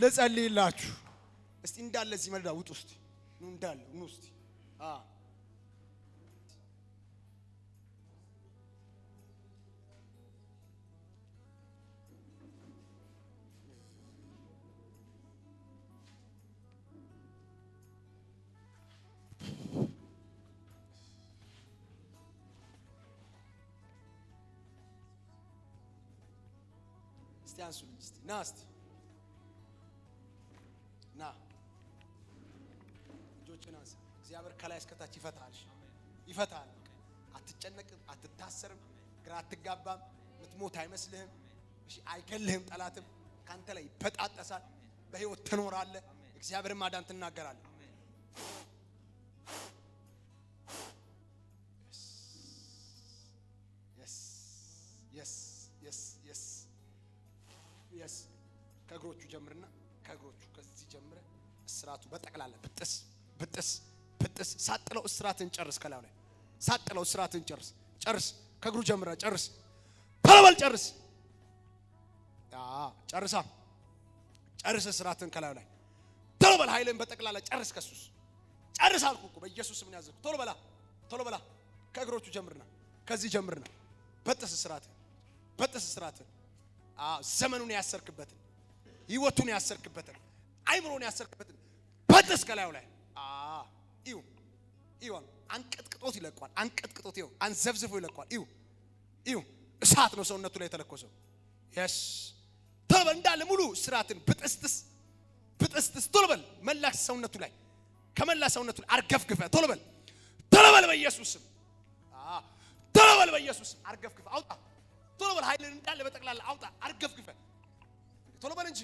ልጸልይላችሁ እስቲ እንዳለ እዚህ ውጡ እስቲ እንዳለ ኑ እስቲ እስቲ እስቲ ና እስቲ ነገሮችን አንሳ። እግዚአብሔር ከላይ እስከታች ይፈታል፣ ይፈታል። አትጨነቅም፣ አትታሰርም፣ ግራ አትጋባም፣ ምትሞት አይመስልህም። እሺ አይገልህም። ጠላትም ካንተ ላይ ይበጣጠሳል። በህይወት ትኖራለህ። እግዚአብሔር ማዳን ትናገራለህ። ከእግሮቹ ጀምርና ከእግሮቹ ከዚህ ጀምረ እስራቱ በጠቅላላ ብጥስ ብጥስ ብጥስ ሳጥለው እስራትን ጨርስ። ከላው ላይ ሳጥለው እስራትን ጨርስ ጨርስ። ከእግሩ ጀምረ ጨርስ። ተለበል ጨርስ። ጨርሳ ጨርስ። እስራትን ከላው ላይ ተለበል። ኃይልን በጠቅላላ ጨርስ። ከሱስ ጨርስ አልኩ እኮ በኢየሱስ ምን ያዘኩ። ቶሎ በላ ቶሎ በላ። ከእግሮቹ ጀምርና ከዚህ ጀምርና በጥስ እስራትን በጥስ እስራትን። ዘመኑን ያሰርክበትን ህይወቱን ያሰርክበትን አይምሮን ያሰርክበትን በጥስ ከላዩ ላይ ይው ይው አንቀጥቅጦት ይለቋል። አንቀጥቅጦት ይው አንዘብዝፎ ይለቋል። ይው ይው እሳት ነው ሰውነቱ ላይ የተለኮሰው። የስ ቶሎ በል እንዳለ ሙሉ ስርዓትን ብጥስትስ ብጥስትስ ቶሎ በል መላ ሰውነቱ ላይ ከመላ ሰውነቱ ላይ አርገፍግፈ ቶሎ በል ቶሎ በል በኢየሱስም ቶሎ በል በኢየሱስም አርገፍግፈ አውጣ ቶሎ በል ኃይልን እንዳለ በጠቅላላ አውጣ አርገፍግፈ ቶሎ በል እንጂ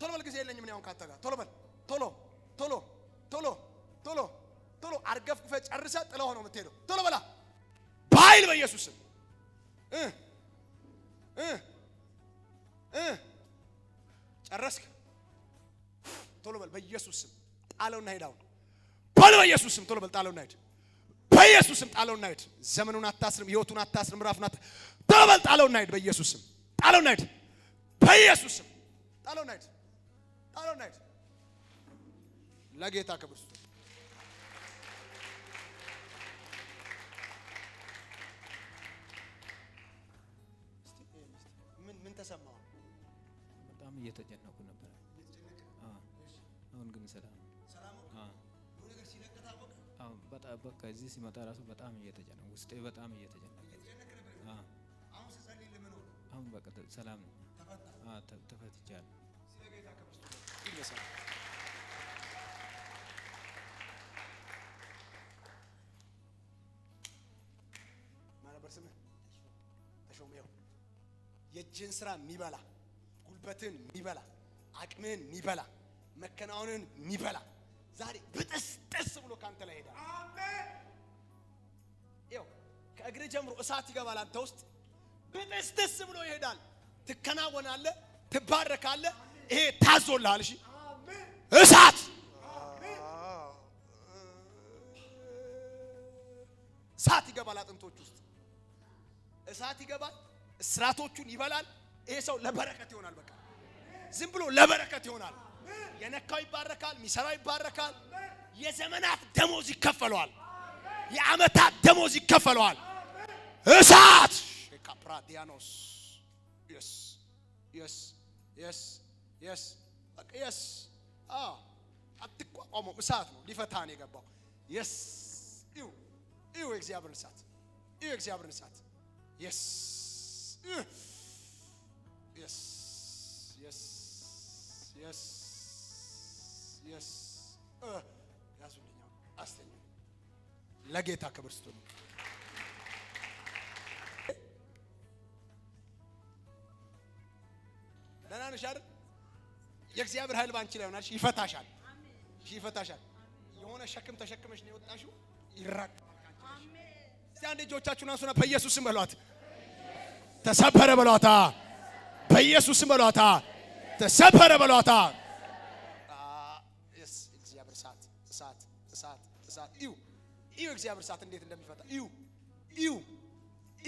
ቶሎ በል ጊዜ የለኝም እኔ አሁን ካንተ ጋር ቶሎ በል ቶሎ ቶሎ ቶሎ ቶሎ ቶሎ አርገፍ ክፈ ጨርሰ ጥለው ነው የምትሄደው። ቶሎ በላ በኃይል እ ጨረስክ። ቶሎ በል በኢየሱስም ጣለውና ሄድ። አሁን በል በኢየሱስም ቶሎ በል ጣለውና ሄድ። በኢየሱስም ጣለውና ሄድ። ዘመኑን አታስርም፣ ህይወቱን አታስርም፣ ምዕራፉን አታ ቶሎ በል ጣለውና ሄድ። በኢየሱስም ጣለውና ሄድ። በኢየሱስም ጣለውና ሄድ። ጣለውና ሄድ ለጌታ ክብር ምን ተሰማው? በጣም እየተጨነቁ ነበር። አሁን ግን ሰላም በቃ እዚህ ሲመጣ ራሱ በጣም እየተጨነኩ ውስጤ በጣም እየተጨነኩ አሁን በቃ ሰላም ተፈትቻለሁ። የእጅህን ስራ የሚበላ ጉልበትን የሚበላ አቅምህን የሚበላ መከናወንን የሚበላ ዛሬ ብጥስ ጥስ ብሎ ካንተ ላይ ሄዳል። ይኸው ከእግር ጀምሮ እሳት ይገባል አንተ ውስጥ ብጥስ ጥስ ብሎ ይሄዳል። ትከናወናለ፣ ትባረካለ። ይሄ ታዞልሃል። እሺ እሳት እሳት ይገባል አጥንቶች ውስጥ እሳት ይገባል። ስራቶቹን ይበላል። ይሄ ሰው ለበረከት ይሆናል። በቃ ዝም ብሎ ለበረከት ይሆናል። የነካው ይባረካል። ሚሰራው ይባረካል። የዘመናት ደሞዝ ይከፈለዋል። የአመታት ደሞዝ ይከፈለዋል። እሳት ፕራዲያኖስ ስ አትቋቋመው። እሳት ነው ሊፈታን የገባው። የእግዚአብሔርን እሳት Yes, yes, yes, yes። uh, ያዙልኛ አስተኛ ለጌታ ክብር ስጡ። ደህና ነሽ አይደል? የእግዚአብሔር ኃይል ባንቺ ላይ ሆናል። ይፈታሻል፣ ይፈታሻል። የሆነ ሸክም ተሸክመሽ ነው የወጣሽው። ይራቅ። አሜን። እጆቻችሁን አንሱና በኢየሱስ ስም በሏት። ተሰበረ በሏታ። በኢየሱስ በሏታ። ተሰበረ በሏታ። እግዚአብሔር እሳት እሳት እሳት እሳት እዩ እዩ። እግዚአብሔር እሳት እንዴት እንደሚፈታ እዩ እዩ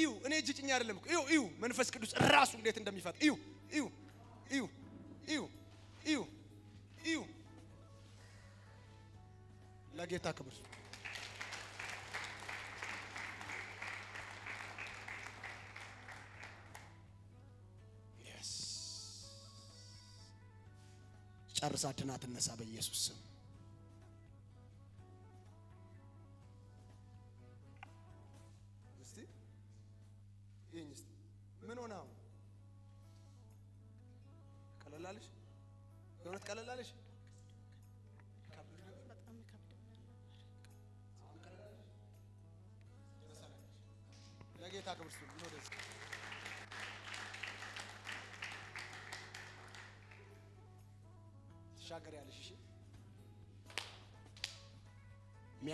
እዩ። እኔ እጅ ጭኛ አይደለም እዩ እዩ። መንፈስ ቅዱስ ራሱ እንዴት እንደሚፈታ እዩ እዩ እዩ እዩ እዩ እዩ። ለጌታ ክብር ጨርሳ ድና ትነሳ በኢየሱስ ስም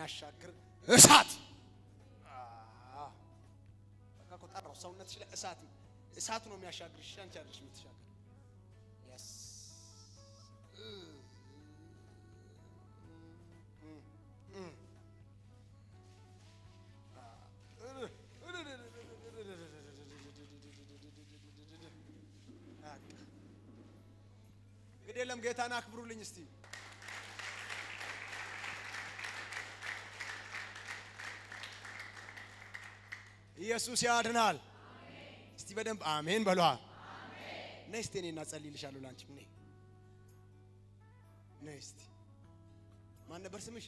የሚያሻግር እሳት ጠራው። ሰውነት ላይ እሳት እሳት ነው የሚያሻግር። እሺ አንቺ አይደለሽ የምትሻገር። ግድ የለም ጌታን አክብሩልኝ እስቲ ኢየሱስ ያድናል። እስቲ በደንብ አሜን በሏ። ነይ እስቲ እኔ እናጸልይልሻለሁ። ላንቺም ነይ ነይ እስቲ። ማን ነበር ስምሽ?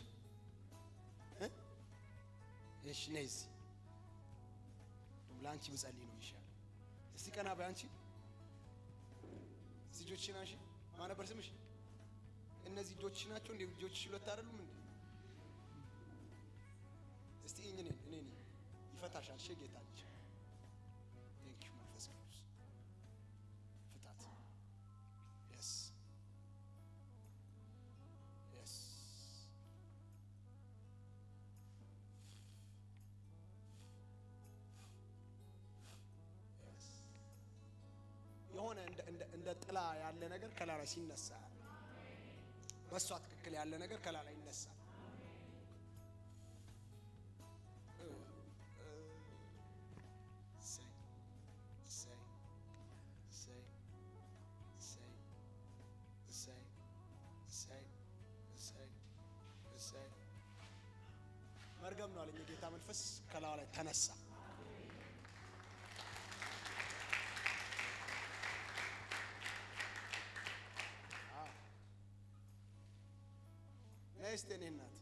እሺ ነይ እስቲ ላንቺ ብጸልይ ነው የሚሻለው። እስቲ ቀና በይ አንቺ። ልጆችሽ ናሽ። ማን ነበር ስምሽ? እነዚህ ልጆችሽ ናቸው። እንደ ልጆችሽ ሁለት አይደሉም እንዴ? እስቲ እኝን ይፈታሻል። ሸ ጌታች ቴንኪዩ መንፈስ ቅዱስ ፍታት የሆነ እንደ ጥላ ያለ ነገር ከላላ ሲነሳ በእሷ ትክክል ያለ ነገር ከላላ ይነሳል። ማለት ተነሳ። ነስት እኔ እናት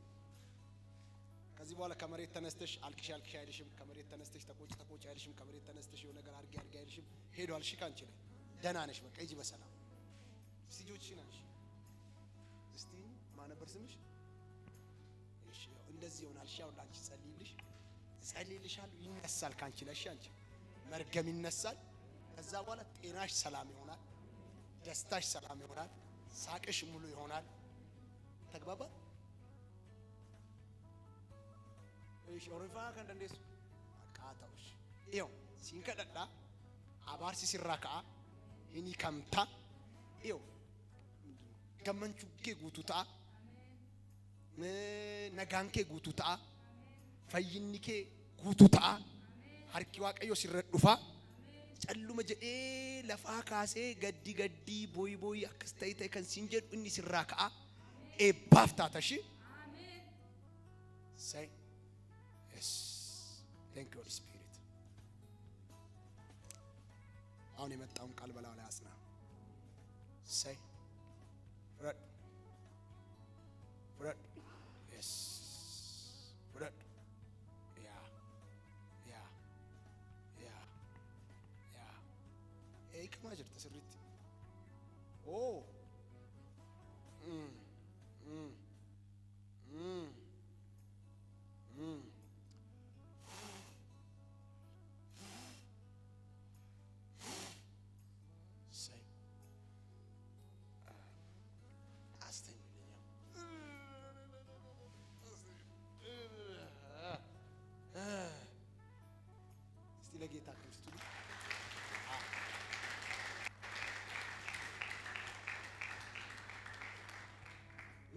ከዚህ በኋላ ከመሬት ተነስተሽ አልክሽ አልክሽ አይልሽም። ከመሬት ተነስተሽ ተቆጭ ተቆጭ አይልሽም። ከመሬት ተነስተሽ የሆነ ነገር አድርጊ አድርጊ አይልሽም። ሄዷል። እሺ ካንቺ ላይ ደህና ነሽ። በቃ ሂጂ በሰላም ስጆች ናሽ። እስቲ ማነበር ስምሽ? እሺ እንደዚህ ይሆናል። እሺ አሁን ላንቺ ጸልይልሽ ጸልይልሻለሁ ይነሳል። ካንቺ ለሽ አንቺ መርገም ይነሳል። ከዛ በኋላ ጤናሽ ሰላም ይሆናል። ደስታሽ ሰላም ይሆናል። ሳቅሽ ሙሉ ይሆናል። ተግባባ። እሺ ኦሪፋ ከንደንዴስ አቃታውሽ ይው ሲንከደዳ አባርሲ ሲራካ ሂኒ ከምታ ይው ገመንቹኬ ጉቱታ ነጋንኬ ጉቱታ ፈይኒኬ guutuu ta'a. Harki waaqayyoo sirra dhufa. Calluma jedhee lafaa kaasee gaddi gaddi booyi booyi akkas ta'e ta'e kan siin jedhu inni sirraa ka'a. Eebbaaf taata shi. Say yes. Thank you Holy Spirit. አሁን የመጣውን ቃል በላው ላይ asna. Say ፍረድ ፍረድ yes. manager, Oh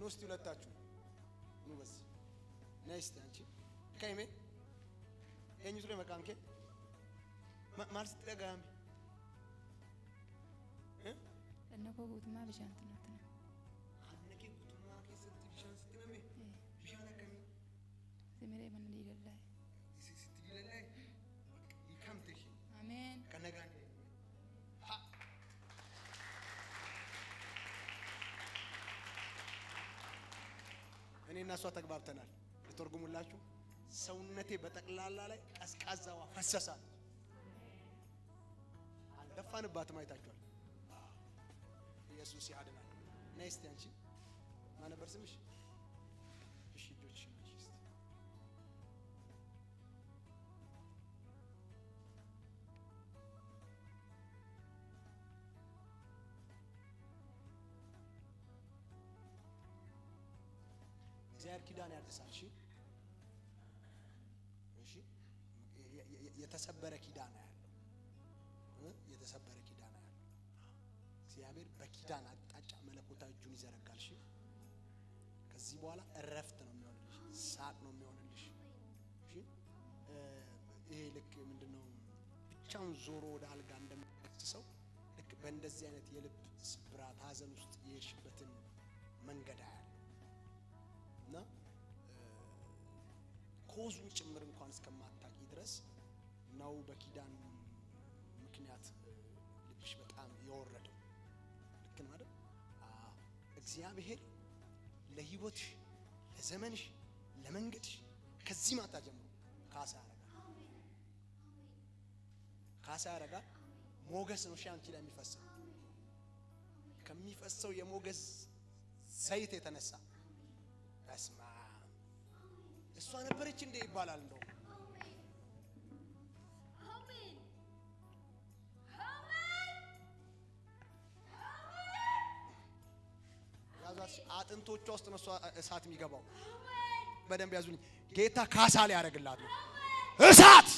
ኑ እስቲ ሁለታችሁ ኑ በዚህ ነይ እስቲ አንቺ ከይሜ ኤኝቱ ላይ መቃምኬ ማል ስትጠጋሚ እነኮ ጉቱማ ብሻን ትናትና አነኬ ጉቱማ ኬሰት ብሻን ስትነሜ ብሻን ዝምሬ እኔ እና እሷ ተግባብተናል። ልተርጉሙላችሁ ሰውነቴ በጠቅላላ ላይ ቀዝቃዛ ውሃ ፈሰሳል። አልደፋንባትም። አይታችኋል። ኢየሱስ ያድናል። ነይ እስቲ አንቺ ማን ስምሽ? ኪዳን ያድሳል። እሺ እሺ፣ የተሰበረ ኪዳን ያለው የተሰበረ ኪዳን ያለው እግዚአብሔር በኪዳን አቅጣጫ መለኮታዊ እጁን ይዘረጋል። እሺ፣ ከዚህ በኋላ እረፍት ነው የሚሆንልሽ፣ ሳቅ ነው የሚሆንልሽ። እሺ፣ ይሄ ልክ ምንድነው ብቻውን ዞሮ ወደ አልጋ እንደምትሰው ልክ በእንደዚህ አይነት የልብ ስብራት ሀዘን ውስጥ የሄድሽበትን መንገድ አያል ኮዙን ጭምር እንኳን እስከማታቂ ድረስ ነው በኪዳን ምክንያት ልብሽ በጣም የወረደው። ልክ ነው አይደል? እግዚአብሔር ለህይወትሽ፣ ለዘመንሽ፣ ለመንገድሽ ከዚህ ማታ ጀምሮ ካሳ ያረጋል። ካሳ ያረጋል። ሞገስ ነው አንቺ ላይ የሚፈሰው ከሚፈሰው የሞገስ ዘይት የተነሳ እሷ ነበረች እንዴ ይባላል። እንደው አጥንቶቿ ውስጥ ነው እሳት የሚገባው። በደንብ ያዙኝ። ጌታ ካሳ ላይ ያደርግላት ነው እሳት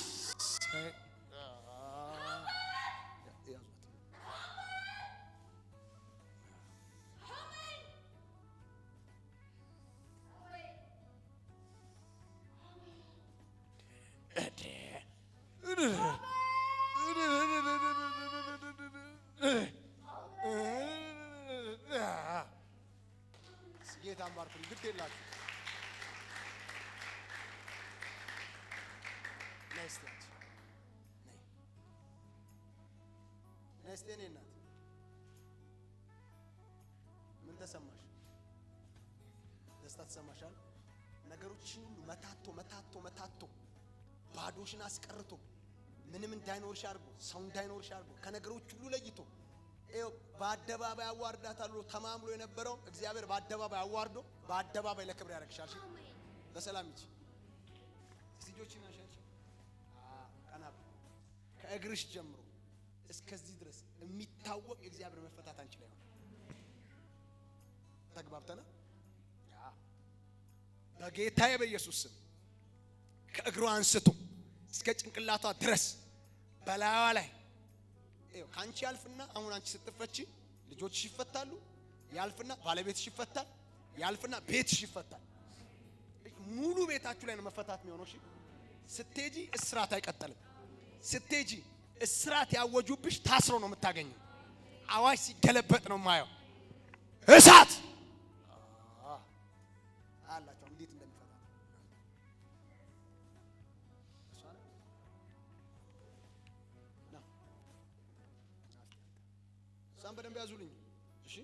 አታማርቱም፣ ግድ የላችሁ ነስቴያች ነስቴ እኔ እናት ምን ተሰማሽ? ደስታ ተሰማሻል? ነገሮችን ሁሉ መታቶ መታቶ መታቶ ባዶሽን አስቀርቶ ምንም እንዳይኖርሽ አድርጎ ሰው እንዳይኖርሽ አድርጎ ከነገሮች ሁሉ ለይቶ በአደባባይ አዋርዳታሉ ተማምሎ የነበረው እግዚአብሔር በአደባባይ አዋርዶ በአደባባይ ለክብር ያደርግሻል። በሰላም ይች ልጆችን ያሻል ከእግርሽ ጀምሮ እስከዚህ ድረስ የሚታወቅ የእግዚአብሔር መፈታት አንቺ ላይ ሆነ። ተግባብተና በጌታዬ በኢየሱስ ስም ከእግሯ አንስቶ እስከ ጭንቅላቷ ድረስ በላይዋ ላይ ከአንቺ ያልፍና አሁን አንቺ ስትፈቺ ልጆችሽ ይፈታሉ። ያልፍና ባለቤትሽ ይፈታል። ያልፍና ቤትሽ ይፈታል። ሙሉ ቤታችሁ ላይ ነው መፈታት የሚሆነው። እሺ ስትሄጂ እስራት አይቀጠልም። ስትሄጂ እስራት ያወጁብሽ ታስሮ ነው የምታገኘው። አዋጅ ሲገለበጥ ነው ማየው እሳት እሷን በደንብ ያዙልኝ። እሺ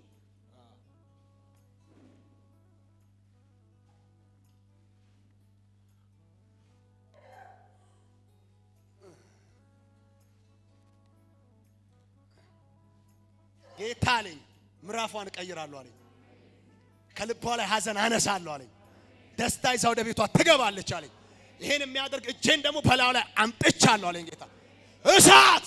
ጌታ አለኝ፣ ምዕራፏን እቀይራለሁ አለኝ። ከልቧ ላይ ሀዘን አነሳለሁ አለኝ። ደስታ ይዛ ወደ ቤቷ ትገባለች አለኝ። ይሄን የሚያደርግ እጄን ደግሞ በላዩ ላይ አምጥቻለሁ አለኝ ጌታ እሳት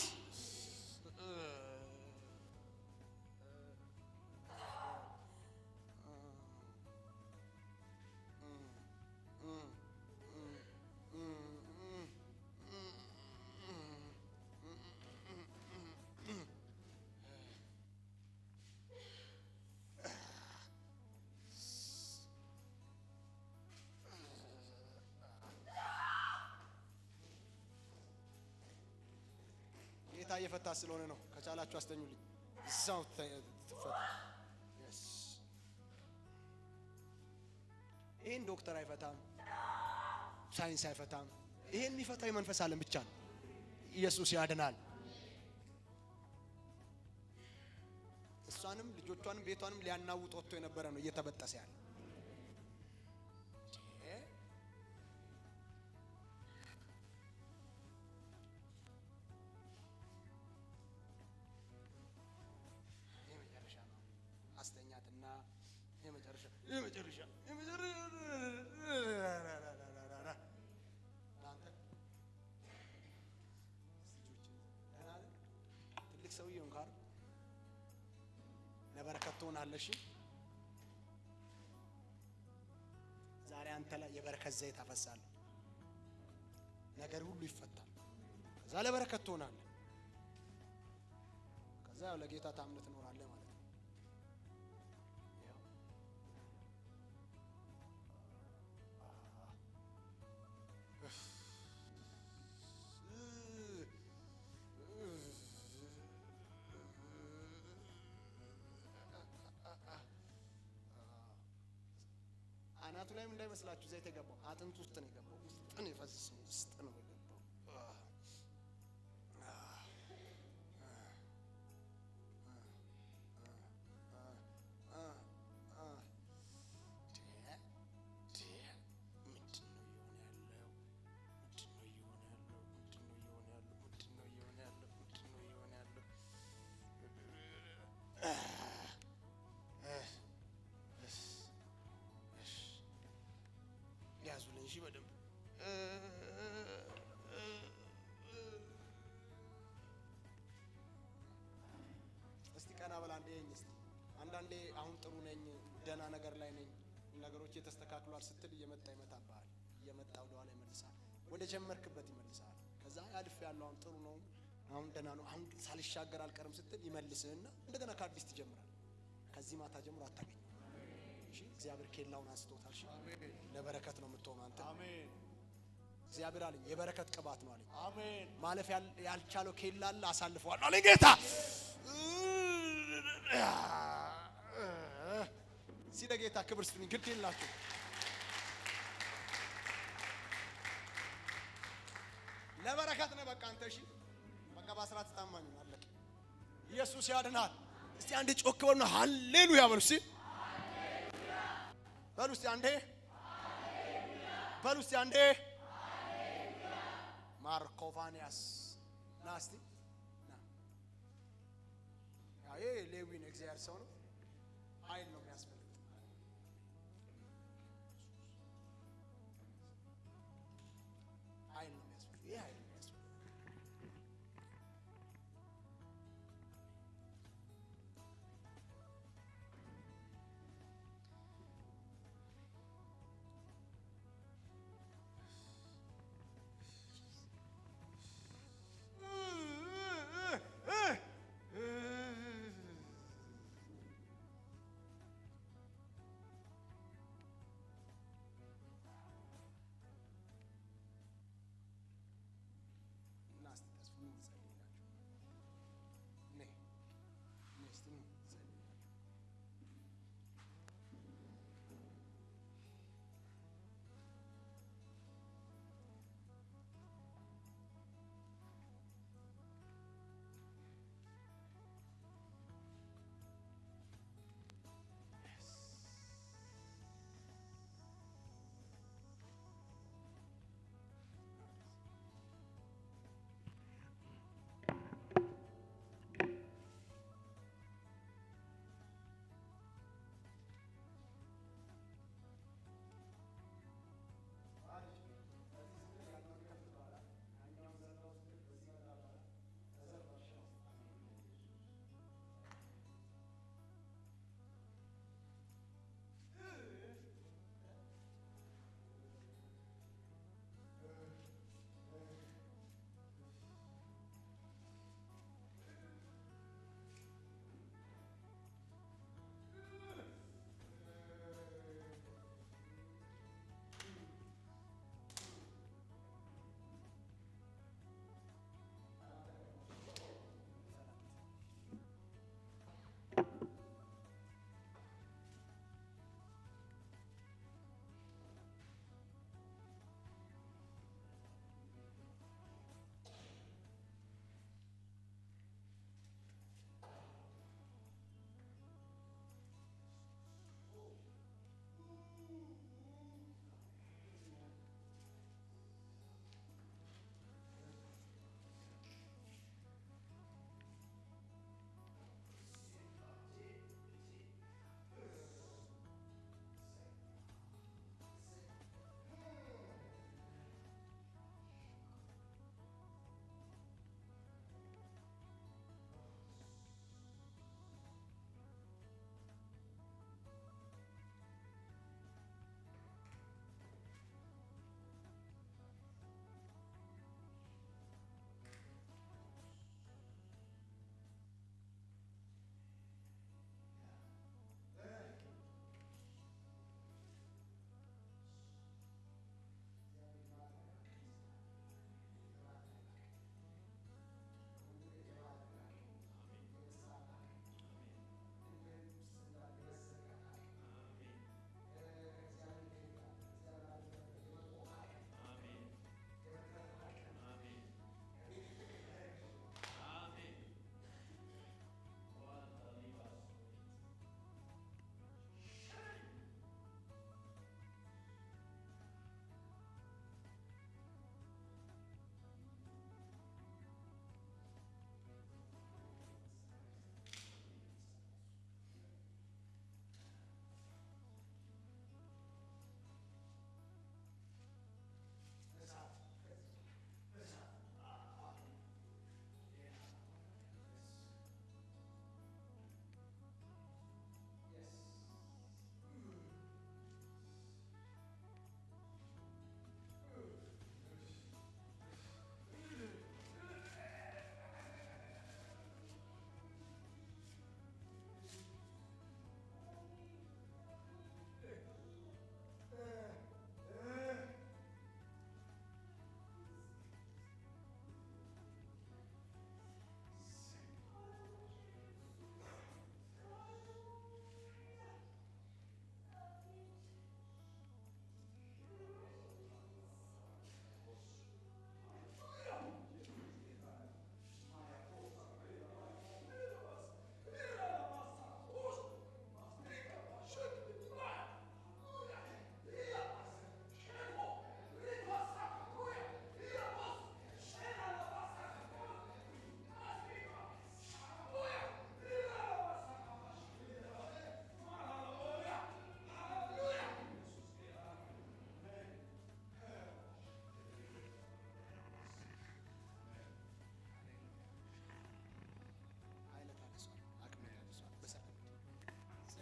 ፈታ እየፈታ ስለሆነ ነው። ከቻላችሁ አስተኙልኝ እዛው ትፈታ። ይህን ዶክተር አይፈታም፣ ሳይንስ አይፈታም። ይህን የሚፈታ የመንፈስ ዓለም ብቻ ነው። ኢየሱስ ያድናል። እሷንም ልጆቿንም ቤቷንም ሊያናውጥ ወጥቶ የነበረ ነው እየተበጠሰ ያለ ትሆናለሽ። ዛሬ አንተ ላይ የበረከት ዘይት አፈሳለሁ። ነገር ሁሉ ይፈታል። ከዛ ለበረከት ትሆናለህ። ከዛ ያው ለጌታ ታምነት ትኖራለህ ማለት አናቱ ላይም እንዳይመስላችሁ ዘይት የገባው አጥንት ውስጥ ነው የገባው። ውስጥ ነው የፈሰሰው፣ ውስጥ ነው እሺ በደንብ እስቲ ቀና በላ እንዴ ይኝ እስቲ አንዳንዴ አሁን ጥሩ ነኝ፣ ደህና ነገር ላይ ነኝ፣ ነገሮች የተስተካክሏል ስትል እየመጣ ይመታብሃል፣ እየመጣ ወደኋላ ይመልሳል፣ ወደ ጀመርክበት ይመልሳል። ከዛ ያልፍ ያለው አሁን ጥሩ ነው፣ አሁን ደህና ነው፣ አሁን ሳልሻገር አልቀርም ስትል ይመልስህና እንደገና ከአዲስ ትጀምራል። ከዚህ ማታ ጀምሮ አታገኝ እግዚአብሔር ኬላውን አንስቶታል። እሺ ለበረከት ነው የምትሆነው አንተ። አሜን። እግዚአብሔር አለኝ የበረከት ቅባት ነው አለኝ። አሜን። ማለፍ ያልቻለው ኬላ አለ አሳልፈዋል አለኝ ጌታ። እስኪ ለጌታ ክብር ስጡኝ። ግድ የላችሁ ለበረከት ነው በቃ አንተ። እሺ በቃ በአስራ ታማኝ አለቅ ኢየሱስ ያድናል። እስቲ አንድ ጮክ በሉና ሃሌሉያ በሉ። በል ውስጥ አንዴ በል ውስጥ አንዴ ማርኮፋንያስ ናስቲ ይሄ ሌዊ እግዚአብሔር ሰው ነው አይል ነው የሚያስፈልግ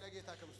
ከጌታ ክብር